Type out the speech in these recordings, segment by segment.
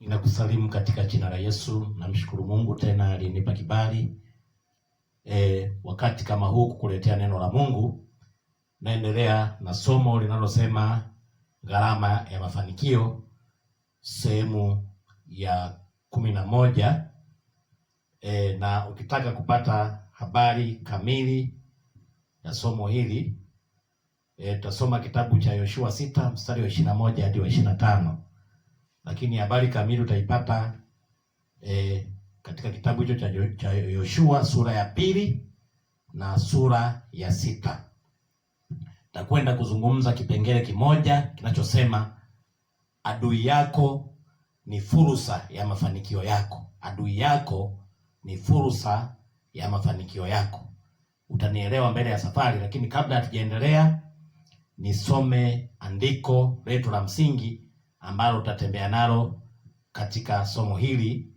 Ninakusalimu katika jina la Yesu. Namshukuru Mungu tena alinipa kibali e, wakati kama huu kukuletea neno la Mungu. Naendelea na somo linalosema gharama ya mafanikio sehemu ya kumi na moja. E, na ukitaka kupata habari kamili ya somo hili e, tutasoma kitabu cha Yoshua sita mstari wa ishirini na moja hadi wa ishirini na tano lakini habari kamili utaipata e, katika kitabu hicho cha, cha Yoshua sura ya pili na sura ya sita. Takwenda kuzungumza kipengele kimoja kinachosema adui yako ni fursa ya mafanikio yako. Adui yako ni fursa ya mafanikio yako. Utanielewa mbele ya safari, lakini kabla hatujaendelea, nisome andiko letu la msingi ambalo tutatembea nalo katika somo hili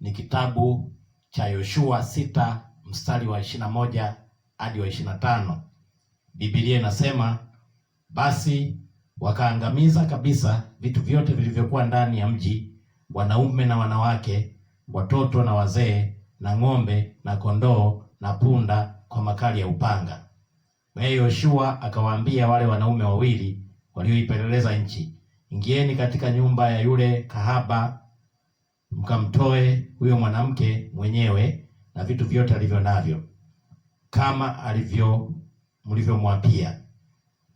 ni kitabu cha Yoshua sita mstari wa ishirini na moja hadi wa ishirini na tano. Biblia inasema basi wakaangamiza kabisa vitu vyote vilivyokuwa ndani ya mji, wanaume na wanawake, watoto na wazee, na ng'ombe na kondoo na punda, kwa makali ya upanga. Naye Yoshua akawaambia wale wanaume wawili walioipeleleza nchi, ingieni katika nyumba ya yule kahaba mkamtoe huyo mwanamke mwenyewe na vitu vyote alivyo navyo kama alivyo mlivyomwapia.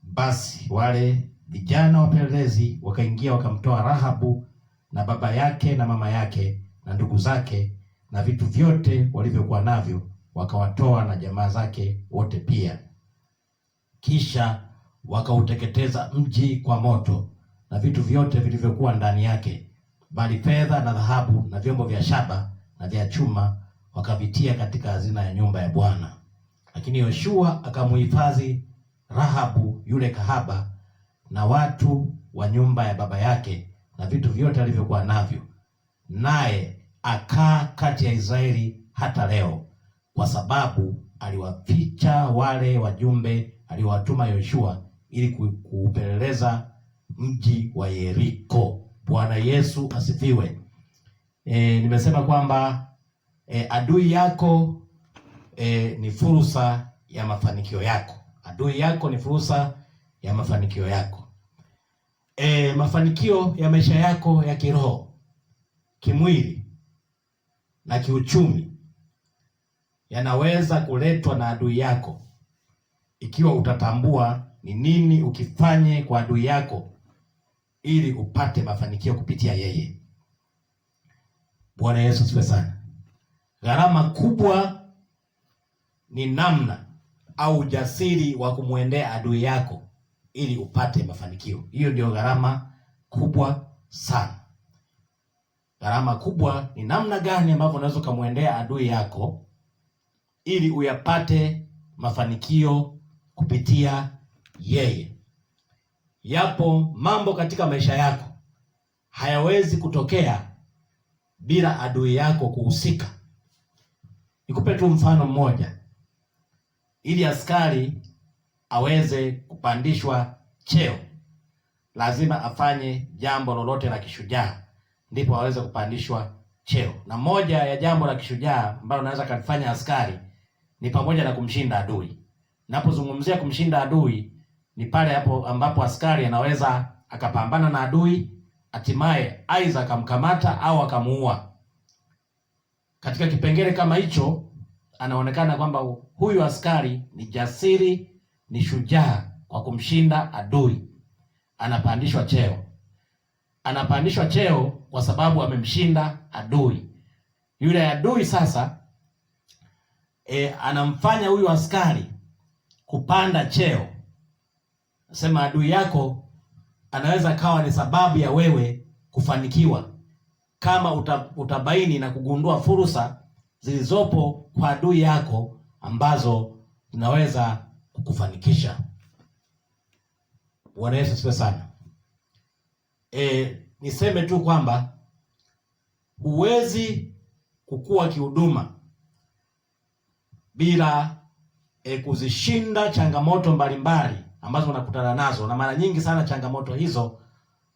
Basi wale vijana wapelelezi wakaingia wakamtoa Rahabu na baba yake na mama yake na ndugu zake na vitu vyote walivyokuwa navyo, wakawatoa na jamaa zake wote pia, kisha wakauteketeza mji kwa moto na vitu vyote vilivyokuwa ndani yake, bali fedha na dhahabu na vyombo vya shaba na vya chuma wakavitia katika hazina ya nyumba ya Bwana. Lakini Yoshua akamuhifadhi Rahabu yule kahaba na watu wa nyumba ya baba yake na vitu vyote alivyokuwa navyo, naye akaa kati ya Israeli hata leo, kwa sababu aliwaficha wale wajumbe aliowatuma Yoshua ili kuupeleleza mji wa Yeriko. Bwana Yesu asifiwe. E, nimesema kwamba e, adui yako e, ni fursa ya mafanikio yako. Adui yako ni fursa ya mafanikio yako. E, mafanikio ya maisha yako ya kiroho, kimwili na kiuchumi yanaweza kuletwa na adui yako ikiwa utatambua ni nini ukifanye kwa adui yako ili upate mafanikio kupitia yeye. Bwana Yesu sifa sana. Gharama kubwa ni namna au ujasiri wa kumwendea adui yako ili upate mafanikio. Hiyo ndio gharama kubwa sana. Gharama kubwa ni namna gani ambavyo unaweza ukamwendea adui yako ili uyapate mafanikio kupitia yeye. Yapo mambo katika maisha yako hayawezi kutokea bila adui yako kuhusika. Nikupe tu mfano mmoja, ili askari aweze kupandishwa cheo lazima afanye jambo lolote la kishujaa, ndipo aweze kupandishwa cheo. Na moja ya jambo la kishujaa ambalo naweza kalifanya askari ni pamoja na kumshinda adui. Napozungumzia kumshinda adui ni pale hapo ambapo askari anaweza akapambana na adui hatimaye aidha akamkamata au akamuua. Katika kipengele kama hicho, anaonekana kwamba huyu askari ni jasiri, ni shujaa kwa kumshinda adui, anapandishwa cheo. Anapandishwa cheo kwa sababu amemshinda adui. Yule adui sasa e, anamfanya huyu askari kupanda cheo Nasema adui yako anaweza kawa ni sababu ya wewe kufanikiwa kama utabaini na kugundua fursa zilizopo kwa adui yako ambazo zinaweza kukufanikisha. Bwana Yesu asifiwe sana. E, niseme tu kwamba huwezi kukua kihuduma bila e, kuzishinda changamoto mbalimbali ambazo unakutana nazo, na mara nyingi sana changamoto hizo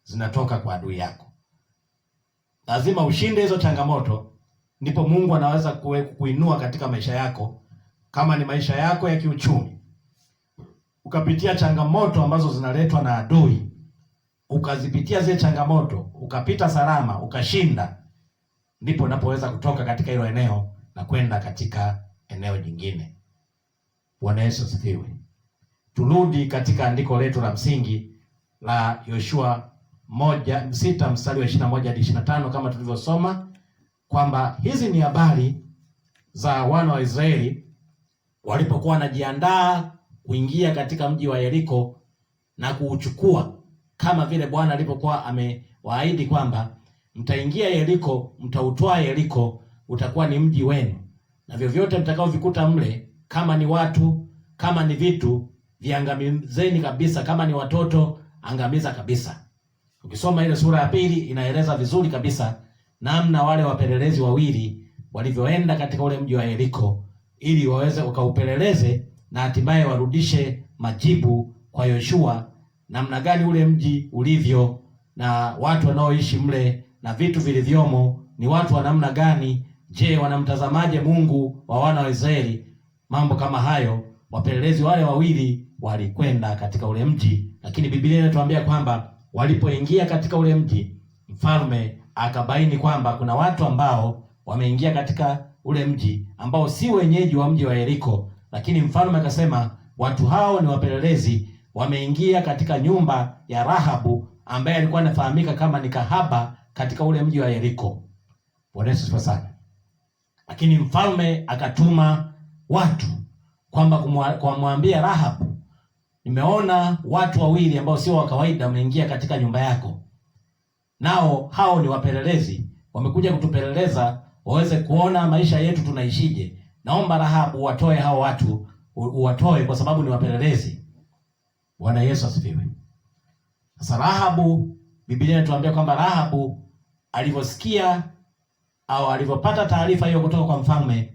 zinatoka kwa adui yako. Lazima ushinde hizo changamoto, ndipo Mungu anaweza kuinua katika maisha yako. Kama ni maisha yako ya kiuchumi, ukapitia changamoto ambazo zinaletwa na adui, ukazipitia zile changamoto, ukapita salama, ukashinda, ndipo unapoweza kutoka katika hilo eneo na kwenda katika eneo jingine. Bwana Yesu asifiwe turudi katika andiko letu la msingi la Yoshua moja sita mstari wa ishirini na moja hadi ishirini na tano kama tulivyosoma kwamba hizi ni habari za wana wa Israeli walipokuwa wanajiandaa kuingia katika mji wa Yeriko na kuuchukua kama vile Bwana alipokuwa amewaahidi kwamba mtaingia Yeriko, mtautwaa Yeriko, utakuwa ni mji wenu, na vyovyote mtakaovikuta mle, kama ni watu, kama ni vitu, viangamizeni kabisa, kama ni watoto angamiza kabisa. Ukisoma ile sura ya pili inaeleza vizuri kabisa namna wale wapelelezi wawili walivyoenda katika ule mji wa Yeriko ili waweze ukaupeleleze na hatimaye warudishe majibu kwa Yoshua, namna gani ule mji ulivyo na watu wanaoishi mle na vitu vilivyomo ni watu wa namna gani. Je, wanamtazamaje Mungu wa wana wa Israeli? Mambo kama hayo wapelelezi wale wawili walikwenda katika ule mji, lakini Biblia inatuambia kwamba walipoingia katika ule mji, mfalme akabaini kwamba kuna watu ambao wameingia katika ule mji ambao si wenyeji wa mji wa Yeriko, lakini mfalme akasema watu hao ni wapelelezi, wameingia katika nyumba ya Rahabu ambaye alikuwa anafahamika kama ni kahaba katika ule mji wa Yeriko. Bwana Yesu asifiwe sana. Lakini mfalme akatuma watu kwamba kumwambia Rahab nimeona watu wawili ambao sio wa kawaida wameingia katika nyumba yako, nao hao ni wapelelezi, wamekuja kutupeleleza waweze kuona maisha yetu tunaishije. Naomba Rahabu uwatoe hao watu, uwatoe kwa sababu ni wapelelezi. Bwana Yesu asifiwe. Sasa Rahabu, Biblia inatuambia kwamba Rahabu alivyosikia au alivyopata taarifa hiyo kutoka kwa mfalme,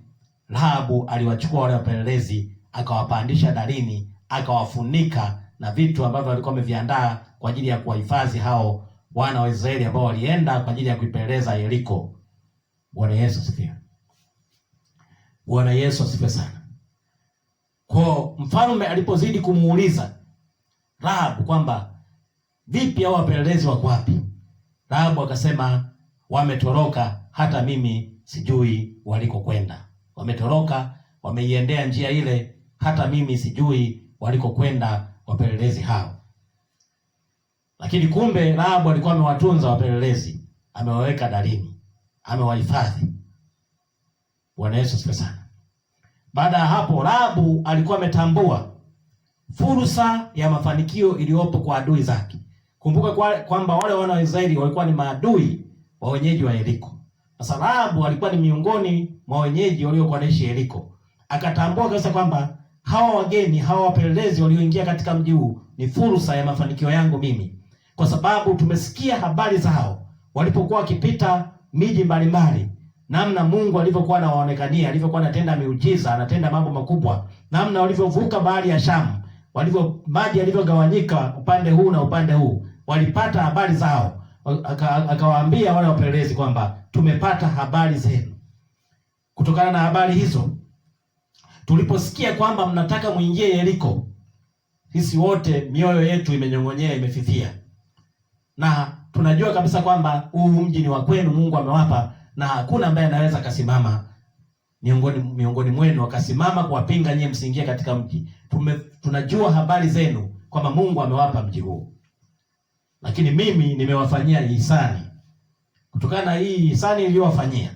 Rahabu aliwachukua wale wapelelezi akawapandisha darini akawafunika na vitu ambavyo walikuwa wameviandaa kwa ajili ya kuwahifadhi hao wana wa Israeli ambao walienda kwa ajili ya kuipeleleza Yeriko. Bwana Yesu asifiwe. Bwana Yesu asifiwe sana. Kwa mfalme alipozidi kumuuliza Rahabu kwamba vipi hao wapelelezi wako wapi? Rahabu akasema wametoroka, hata mimi sijui walikokwenda. Wametoroka, wameiendea njia ile, hata mimi sijui walikokwenda wapelelezi hao, lakini kumbe Rahabu alikuwa amewatunza wapelelezi, amewaweka darini, amewahifadhi. Bwana Yesu asifiwe sana. Baada ya hapo, Rahabu alikuwa ametambua fursa ya mafanikio iliyopo kwa adui zake. Kumbuka kwamba kwa wale wana wa Israeli walikuwa ni maadui wa wenyeji wa Yeriko. Sasa Rahabu alikuwa ni miongoni mwa wenyeji waliokuwa naishi Yeriko, akatambua kabisa kwamba hawa wageni hawa wapelelezi walioingia katika mji huu ni fursa ya mafanikio yangu mimi, kwa sababu tumesikia habari zao walipokuwa wakipita miji mbalimbali, namna Mungu alivyokuwa anawaonekania, alivyokuwa anatenda miujiza, anatenda mambo makubwa, namna walivyovuka bahari ya Shamu, walivyo maji yalivyogawanyika upande huu na upande huu. Walipata habari zao, akawaambia wale wapelelezi kwamba tumepata habari zenu. Kutokana na habari hizo tuliposikia kwamba mnataka muingie Yeriko, sisi wote mioyo yetu imenyong'onyea, imefifia, na tunajua kabisa kwamba huu mji ni wa kwenu, Mungu amewapa, na hakuna ambaye anaweza akasimama miongoni miongoni mwenu akasimama kuwapinga nyie msiingie katika mji. Tume, tunajua habari zenu kwamba Mungu amewapa mji huu, lakini mimi nimewafanyia hisani. Kutokana na hii hisani iliyowafanyia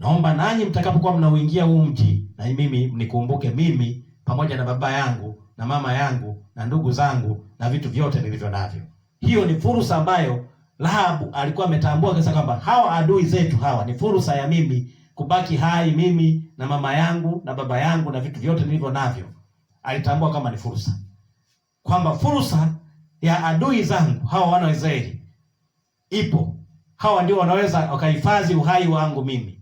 Naomba nanyi mtakapokuwa mnauingia huu mji, na mimi mnikumbuke mimi pamoja na baba yangu na mama yangu na ndugu zangu na vitu vyote nilivyo navyo. Hiyo ni fursa ambayo Rahabu alikuwa ametambua kabisa kwamba hawa adui zetu hawa ni fursa ya mimi kubaki hai mimi na mama yangu na baba yangu na vitu vyote nilivyo navyo. Alitambua kama ni fursa. Kwamba fursa ya adui zangu hawa wana wa Israeli ipo. Hawa ndio wanaweza wakahifadhi uhai wangu mimi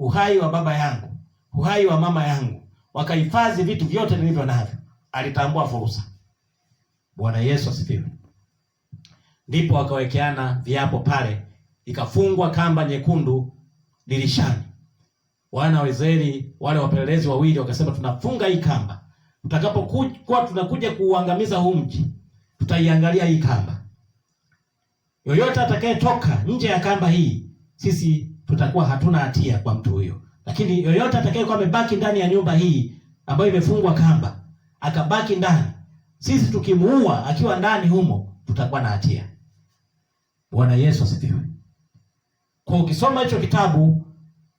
uhai wa baba yangu, uhai wa mama yangu, wakahifadhi vitu vyote nilivyo navyo. Alitambua fursa. Bwana Yesu asifiwe. Ndipo wakawekeana viapo pale, ikafungwa kamba nyekundu dirishani. Wana wa Israeli wale wapelelezi wawili wakasema, tunafunga hii kamba, tutakapokuwa tunakuja kuuangamiza huu mji, tutaiangalia hii kamba. Yoyote atakayetoka nje ya kamba hii, sisi tutakuwa hatuna hatia kwa mtu huyo. Lakini yoyote atakayekuwa amebaki ndani ya nyumba hii ambayo imefungwa kamba, akabaki ndani, sisi tukimuua akiwa ndani humo, tutakuwa na hatia. Bwana Yesu asifiwe. Kwa ukisoma hicho kitabu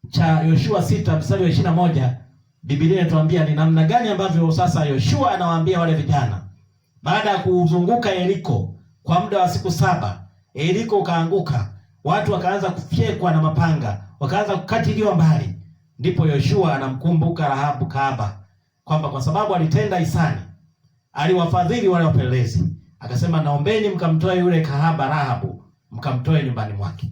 cha Yoshua sita mstari wa ishirini na moja Biblia inatuambia ni namna gani ambavyo sasa Yoshua anawaambia wale vijana baada ya kuzunguka Yeriko kwa muda wa siku saba, Yeriko ukaanguka watu wakaanza kufyekwa na mapanga, wakaanza kukatiliwa mbali. Ndipo Yoshua anamkumbuka Rahabu kahaba kwamba kwa sababu alitenda hisani, aliwafadhili wale wapelelezi, akasema naombeni mkamtoe yule kahaba Rahabu, mkamtoe nyumbani mwake.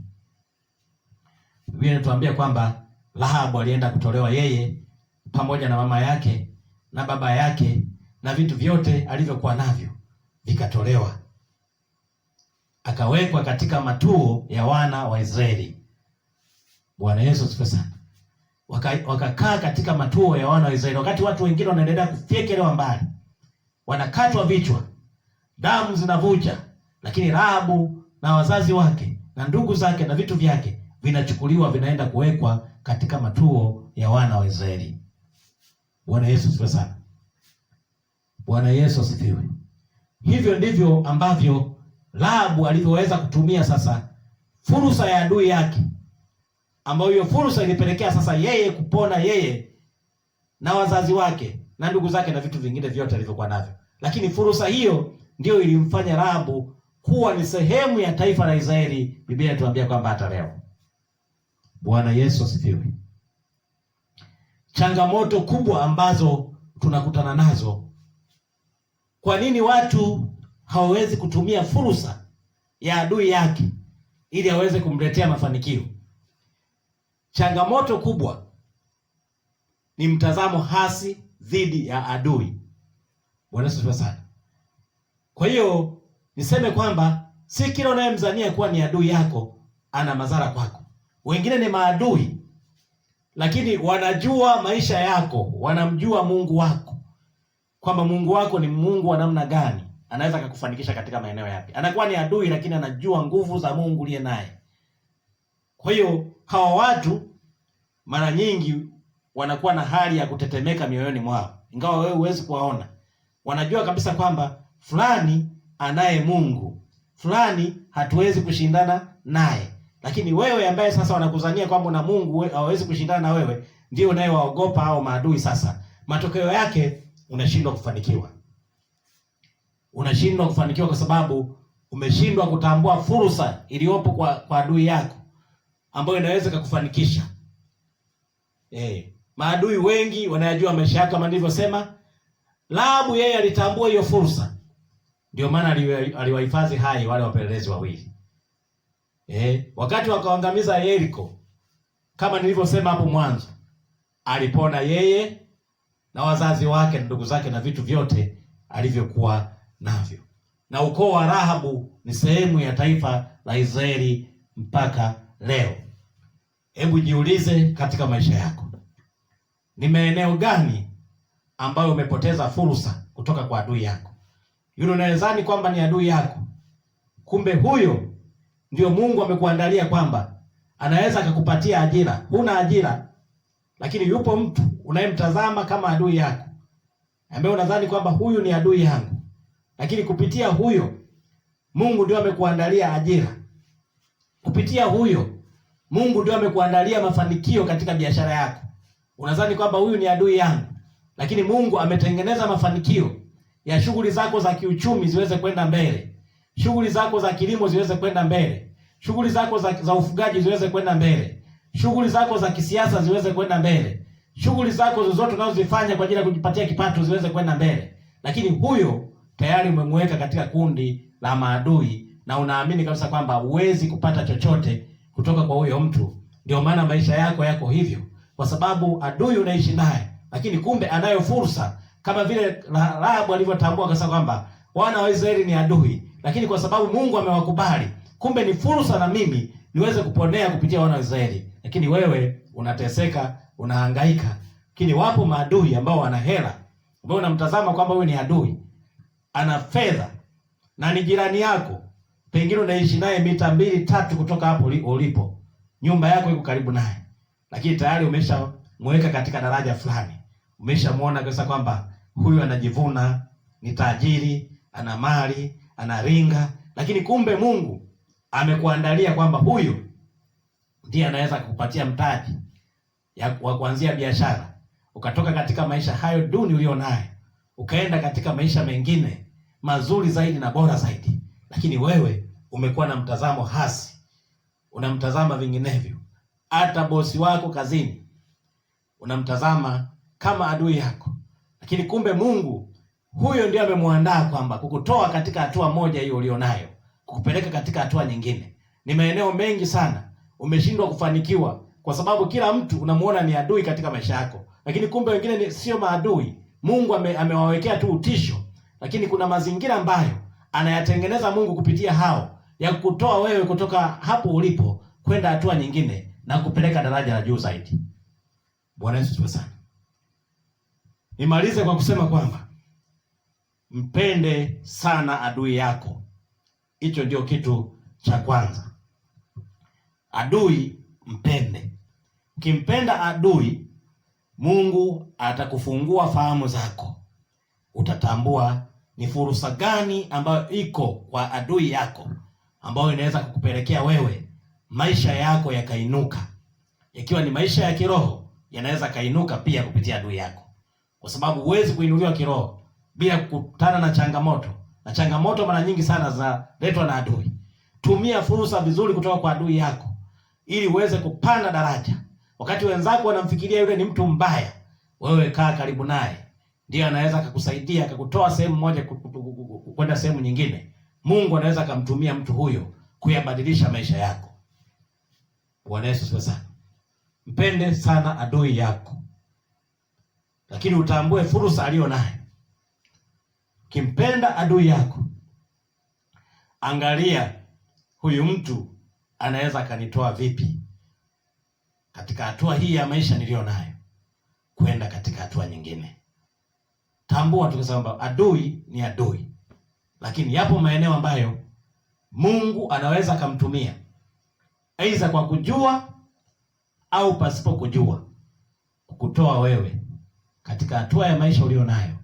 Biblia inatuambia kwamba Rahabu alienda kutolewa yeye pamoja na mama yake na baba yake na vitu vyote alivyokuwa navyo vikatolewa akawekwa katika matuo ya wana wa Israeli. Bwana Yesu asifiwe sana. Wakakaa waka katika matuo ya wana wa Israeli, wakati watu wengine wanaendelea kufyekelewa mbali, wanakatwa vichwa, damu zinavuja, lakini Rahabu na wazazi wake na ndugu zake na vitu vyake vinachukuliwa vinaenda kuwekwa katika matuo ya wana wa Israeli. Bwana Yesu asifiwe sana. Bwana Yesu asifiwe. Hivyo ndivyo ambavyo Rahabu alivyoweza kutumia sasa fursa ya adui yake, ambayo hiyo fursa ilipelekea sasa yeye kupona yeye na wazazi wake na ndugu zake na vitu vingine vyote alivyokuwa navyo, lakini fursa hiyo ndiyo ilimfanya Rahabu kuwa ni sehemu ya taifa la Israeli. Biblia inatuambia kwamba hata leo. Bwana Yesu asifiwe. Changamoto kubwa ambazo tunakutana nazo, kwa nini watu hawezi kutumia fursa ya adui yake ili aweze kumletea mafanikio. Changamoto kubwa ni mtazamo hasi dhidi ya adui. Bwana sifa sana. Kwa hiyo niseme kwamba si kila unayemzania kuwa ni adui yako ana madhara kwako. Wengine ni maadui, lakini wanajua maisha yako, wanamjua Mungu wako kwamba Mungu wako ni Mungu wa namna gani anaweza akakufanikisha katika maeneo yapi. Anakuwa ni adui, lakini anajua nguvu za Mungu liye naye. Kwa hiyo hawa watu mara nyingi wanakuwa na hali ya kutetemeka mioyoni mwao, ingawa wewe huwezi kuwaona. Wanajua kabisa kwamba fulani anaye Mungu, fulani hatuwezi kushindana naye, lakini wewe ambaye sasa wanakuzania kwamba una Mungu hawezi kushindana na wewe, ndio unayewaogopa hao maadui. Sasa matokeo yake unashindwa kufanikiwa unashindwa kufanikiwa kwa sababu umeshindwa kutambua fursa iliyopo kwa, kwa adui yako ambayo inaweza kukufanikisha. Eh, maadui wengi wanayajua maisha yako kama nilivyosema. Labu yeye alitambua hiyo fursa, ndio maana aliwahifadhi hai wale wapelelezi wawili. Eh, wakati wakaangamiza Yeriko, kama nilivyosema hapo mwanzo, alipona yeye na wazazi wake na ndugu zake na vitu vyote alivyokuwa navyo, na ukoo wa Rahabu ni sehemu ya taifa la Israeli mpaka leo. Hebu jiulize katika maisha yako, ni maeneo gani ambayo umepoteza fursa kutoka kwa adui yako? Yule unawezani kwamba ni adui yako, kumbe huyo ndio Mungu amekuandalia kwamba anaweza akakupatia ajira. Huna ajira, lakini yupo mtu unayemtazama kama adui yako, ambaye unadhani kwamba huyu ni adui yangu, lakini kupitia huyo Mungu ndio amekuandalia ajira. Kupitia huyo Mungu ndio amekuandalia mafanikio katika biashara yako. Unadhani kwamba huyu ni adui yangu, lakini Mungu ametengeneza mafanikio ya shughuli zako za kiuchumi ziweze kwenda mbele, shughuli zako za kilimo ziweze kwenda mbele, shughuli zako za, za ufugaji ziweze kwenda mbele, shughuli zako za kisiasa ziweze kwenda mbele, shughuli zako zozote unazozifanya kwa ajili ya kujipatia kipato ziweze kwenda mbele, lakini huyo tayari umemweka katika kundi la maadui na unaamini kabisa kwamba huwezi kupata chochote kutoka kwa huyo mtu. Ndio maana maisha yako yako hivyo, kwa sababu adui unaishi naye, lakini kumbe anayo fursa, kama vile Rahabu alivyotambua kabisa kwamba wana wa Israeli ni adui, lakini kwa sababu Mungu amewakubali, kumbe ni fursa na mimi niweze kuponea kupitia wana wa Israeli. Lakini wewe unateseka, unahangaika, lakini wapo maadui ambao wana hela, ambao unamtazama kwamba wewe ni adui ana fedha na ni jirani yako, pengine unaishi naye mita mbili tatu kutoka hapo ulipo, nyumba yako iko karibu naye, lakini tayari umeshamweka katika daraja fulani, umeshamuona kabisa kwamba huyu anajivuna, ni tajiri, ana mali, ana ringa, lakini kumbe Mungu amekuandalia kwamba huyu ndiye anaweza kukupatia mtaji wa kuanzia biashara, ukatoka katika maisha hayo duni ulionayo ukaenda katika maisha mengine mazuri zaidi na bora zaidi, lakini wewe umekuwa na mtazamo hasi, unamtazama vinginevyo. Hata bosi wako kazini unamtazama kama adui yako, lakini kumbe Mungu huyo ndiye amemwandaa kwamba kukutoa katika hatua moja hiyo ulionayo kukupeleka katika hatua nyingine. Ni maeneo mengi sana umeshindwa kufanikiwa kwa sababu kila mtu unamuona ni adui katika maisha yako, lakini kumbe wengine sio maadui Mungu ame, amewawekea tu utisho, lakini kuna mazingira ambayo anayatengeneza Mungu kupitia hao ya kutoa wewe kutoka hapo ulipo kwenda hatua nyingine na kupeleka daraja la juu zaidi. Bwana Yesu asifiwe sana. Nimalize kwa kusema kwamba mpende sana adui yako, hicho ndio kitu cha kwanza. Adui mpende. Ukimpenda adui Mungu atakufungua fahamu zako, utatambua ni fursa gani ambayo iko kwa adui yako ambayo inaweza kukupelekea wewe maisha yako yakainuka, ikiwa ni maisha ya kiroho yanaweza kainuka pia kupitia adui yako, kwa sababu huwezi kuinuliwa kiroho bila kukutana na changamoto, na changamoto mara nyingi sana zinaletwa na adui. Tumia fursa vizuri kutoka kwa adui yako ili uweze kupanda daraja Wakati wenzako wanamfikiria yule ni mtu mbaya, wewe kaa karibu naye, ndiye anaweza akakusaidia akakutoa sehemu moja kwenda sehemu nyingine. Mungu anaweza akamtumia mtu huyo kuyabadilisha maisha yako. Bwana Yesu sana. Mpende sana adui yako, lakini utambue fursa aliyo nayo. kimpenda adui yako, angalia huyu mtu anaweza akanitoa vipi katika hatua hii ya maisha niliyo nayo kwenda katika hatua nyingine. Tambua tukisema kwamba adui ni adui, lakini yapo maeneo ambayo Mungu anaweza akamtumia aidha kwa kujua au pasipo kujua, kukutoa wewe katika hatua ya maisha uliyo nayo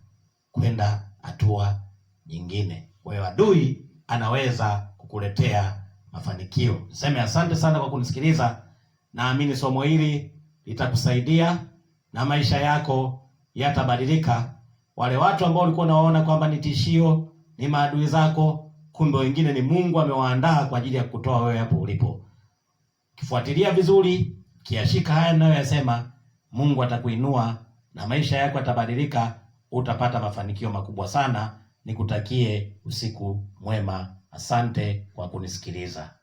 kwenda hatua nyingine. Kwa hiyo adui anaweza kukuletea mafanikio. Niseme asante sana kwa kunisikiliza. Naamini somo hili litakusaidia na maisha yako yatabadilika. Wale watu ambao ulikuwa unawaona kwamba ni tishio, ni maadui zako, kumbe wengine ni Mungu amewaandaa kwa ajili ya kutoa wewe hapo ulipo. Kifuatilia vizuri, kiashika haya ninayoyasema, Mungu atakuinua na maisha yako yatabadilika, utapata mafanikio makubwa sana. Nikutakie usiku mwema. Asante kwa kunisikiliza.